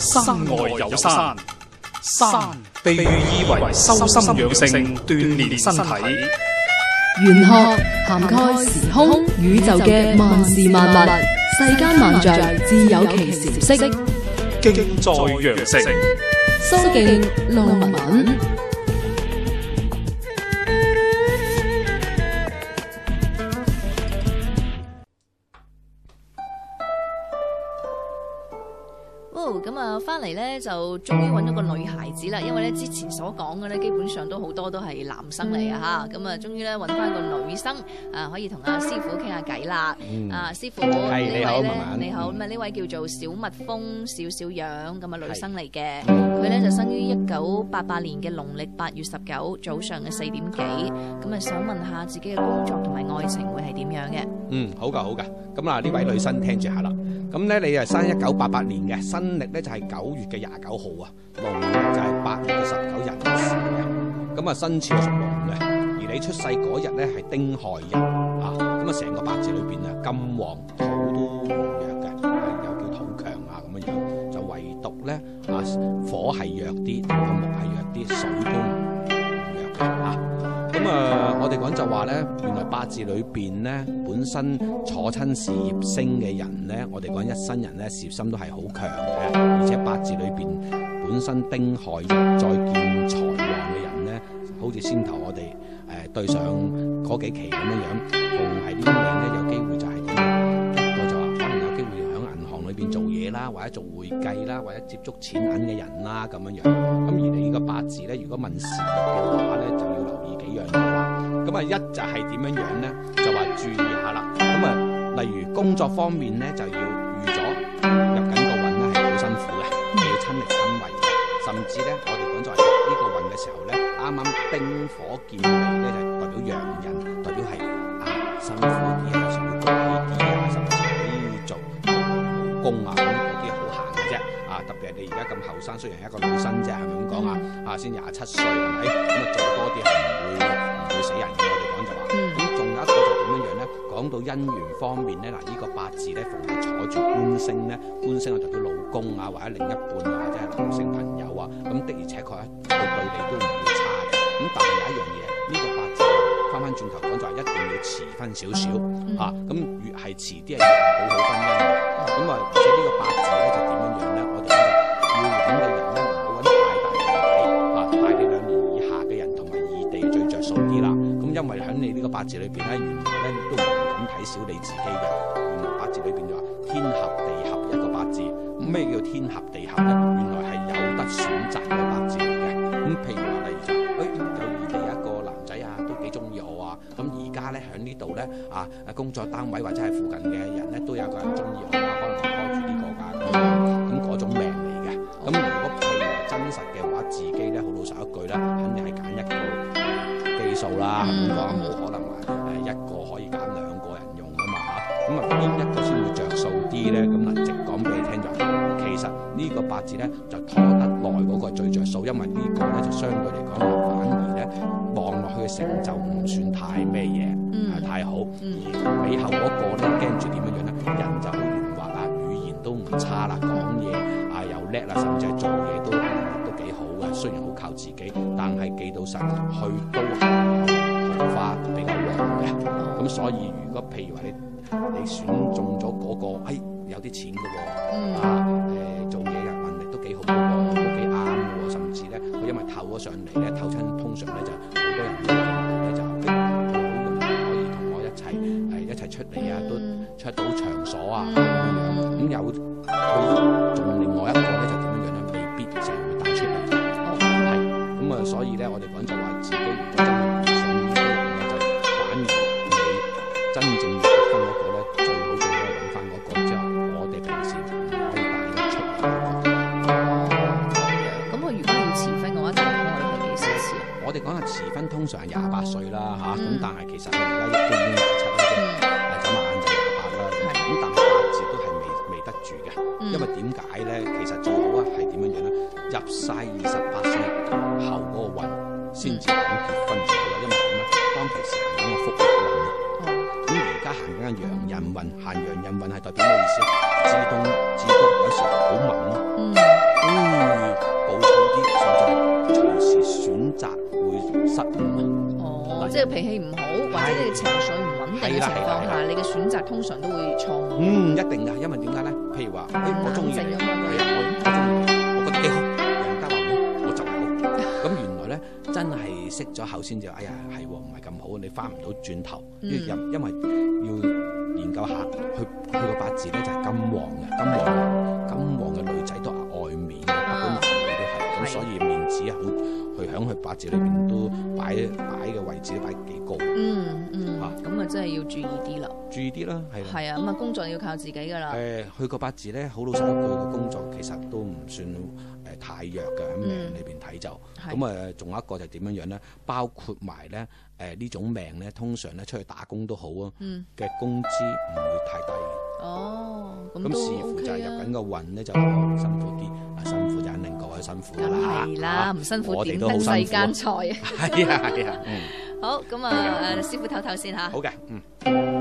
山外有山，山被喻以為修心養性、鍛煉身體。玄學涵蓋時空宇宙嘅萬事萬物，世間萬象自有其時色。敬在羊城，蘇敬論文。咁啊，翻嚟咧就終於揾咗個女孩子啦，因為咧之前所講嘅咧基本上都好多都係男生嚟啊吓，咁啊終於咧揾翻個女生啊，可以同阿師傅傾下偈啦。嗯、啊，師傅，你好，你好、嗯，咁啊呢位叫做小蜜蜂小小樣咁啊女生嚟嘅，佢咧、嗯、就生於一九八八年嘅農曆八月十九早上嘅四點幾，咁、嗯、啊想問下自己嘅工作同埋愛情會係點樣嘅？嗯，好噶，好噶，咁啊呢位女生聽住下啦，咁、嗯、咧你係生一九八八年嘅，新曆咧就係九月嘅廿九號啊，農曆就係八月十九日嘅時嘅，咁啊生肖屬龍嘅，而你出世嗰日咧係丁亥日啊，咁啊成個八字裏邊啊金黃土都冇弱嘅，又叫土強啊咁樣樣，就唯獨咧啊火係弱啲，木係弱啲，水都唔弱啊。咁啊、嗯呃，我哋講就話咧，原來八字裏邊咧，本身坐親事業星嘅人咧，我哋講一生人咧，事業心都係好強嘅，而且八字裏邊本身丁亥日再見財旺嘅人咧，好似先頭我哋誒、呃、對上嗰幾期咁樣樣，同埋呢啲命咧有機會就。做嘢啦，或者做會計啦，或者接觸錢銀嘅人啦，咁樣樣。咁而你呢個八字咧，如果問事嘅話咧，就要留意幾樣嘢啦。咁、嗯、啊，一就係點樣樣咧，就話注意下啦。咁、嗯、啊，例如工作方面咧，就要預咗入緊個運咧係好辛苦嘅，要親力親為。甚至咧，我哋講咗係呢個運嘅時候咧，啱啱冰火見離咧，就代表陽人，代表係啊辛苦啲生雖然係一個女生啫，係咪咁講啊？啊，先廿七歲係咪？咁啊、嗯，做多啲係唔會唔會死人嘅。我哋講就話，咁仲、嗯、有一個就點樣樣咧？講到姻緣方面咧，嗱，呢個八字咧逢係坐住官星咧，官星係代表老公啊或者另一半啊或者係男性朋友啊。咁的而且確啊，佢對你都唔會差嘅。咁但係有一樣嘢，呢、呢個八字翻翻轉頭講就係一定要遲婚少少吓，咁越係遲啲係越好好婚姻嘅。咁啊，而且呢個八字。八字裏邊咧，原來咧都唔敢睇小你自己嘅。八字裏邊就話天合地合一個八字，咁咩叫天合地合咧？原來係有得選擇嘅八字嚟嘅。咁譬如話例如就，誒有異地一個男仔啊，都幾中意我啊。咁而家咧喺呢度咧啊，工作單位或者係附近嘅人咧，都有個人中意我啊，可能拖住呢個啊咁樣。咁嗰種命嚟嘅。咁如果譬如真實嘅話，自己咧好老實一句啦，肯定係揀一個基數啦，咁講冇可。係一個可以揀兩個人用噶嘛吓，咁啊邊、嗯、一個先會着數啲咧？咁、嗯、啊直講俾你聽就係，其實呢個八字咧就拖得耐嗰個最着數，因為個呢個咧就相對嚟講反而咧望落去嘅成就唔算太咩嘢，係、啊、太好。而尾後嗰個咧驚住點樣樣咧？人就好圓滑啦，語言都唔差啦，講嘢啊又叻啦，甚至係做嘢都都幾好嘅。雖然好靠自己，但係記到實去都好，桃花咁、嗯、所以如果譬如話你你選中咗嗰、那個，哎有啲錢嘅喎、哦，啊誒、呃、做嘢又能力都幾好嗰個，都幾啱嘅喎，甚至咧佢因為投咗上嚟咧，投親通常咧就，就好多人咧就好用，可以同我一齊誒、啊、一齊出嚟啊，都出到場所啊咁樣，咁有佢仲另外一個咧就點樣樣咧，未必成日會帶出嚟，係咁啊，所以咧我哋講就話自己如果真係。遲婚通常係廿八歲啦，吓、啊、咁但係其實佢而家已經廿七啦，即係眨眼就廿八啦。咁但係八字都係未未得住嘅，因為點解咧？其實最好啊係點樣樣咧？入世二十八歲後嗰個運先至講結婚最好，因為點咧？當其時、啊、行緊個福禄運，咁而家行緊個羊人運，行羊人運係代表咩意思？自動自覺有少少好猛。嗯嗯啲選擇，隨時選擇會失誤。哦，即係脾氣唔好，或者你情緒唔穩定嘅情況下，你嘅選擇通常都會錯誤。嗯，一定噶，因為點解咧？譬如話，哎、嗯，我中意，我中意，我覺得幾好，人家話我就係咁 原來咧，真係識咗後先就，哎呀，係唔係咁好？你翻唔到轉頭，嗯、因為要研究下，佢佢個八字咧就係金旺嘅，金旺 金黃。金黃八字裏邊都擺擺嘅位置都擺幾高，嗯，嗯嗯，吓，咁啊真係要注意啲啦，注意啲啦，係係啊，咁啊工作要靠自己噶啦。誒，去過八字咧，好老實一句，工作其實都唔算誒、呃、太弱嘅，喺命裏邊睇，就，咁啊仲有一個就點樣樣咧，包括埋咧。誒呢種命咧，通常咧出去打工都好啊，嘅工資唔會太低。哦，咁都 OK。咁視乎就係入緊個運咧，就辛苦啲。啊，辛苦就肯定各位辛苦㗎啦嚇。係啦，唔辛苦點得世間菜啊？係啊，係啊。嗯。好，咁啊，師傅唞唞先嚇。好嘅，嗯。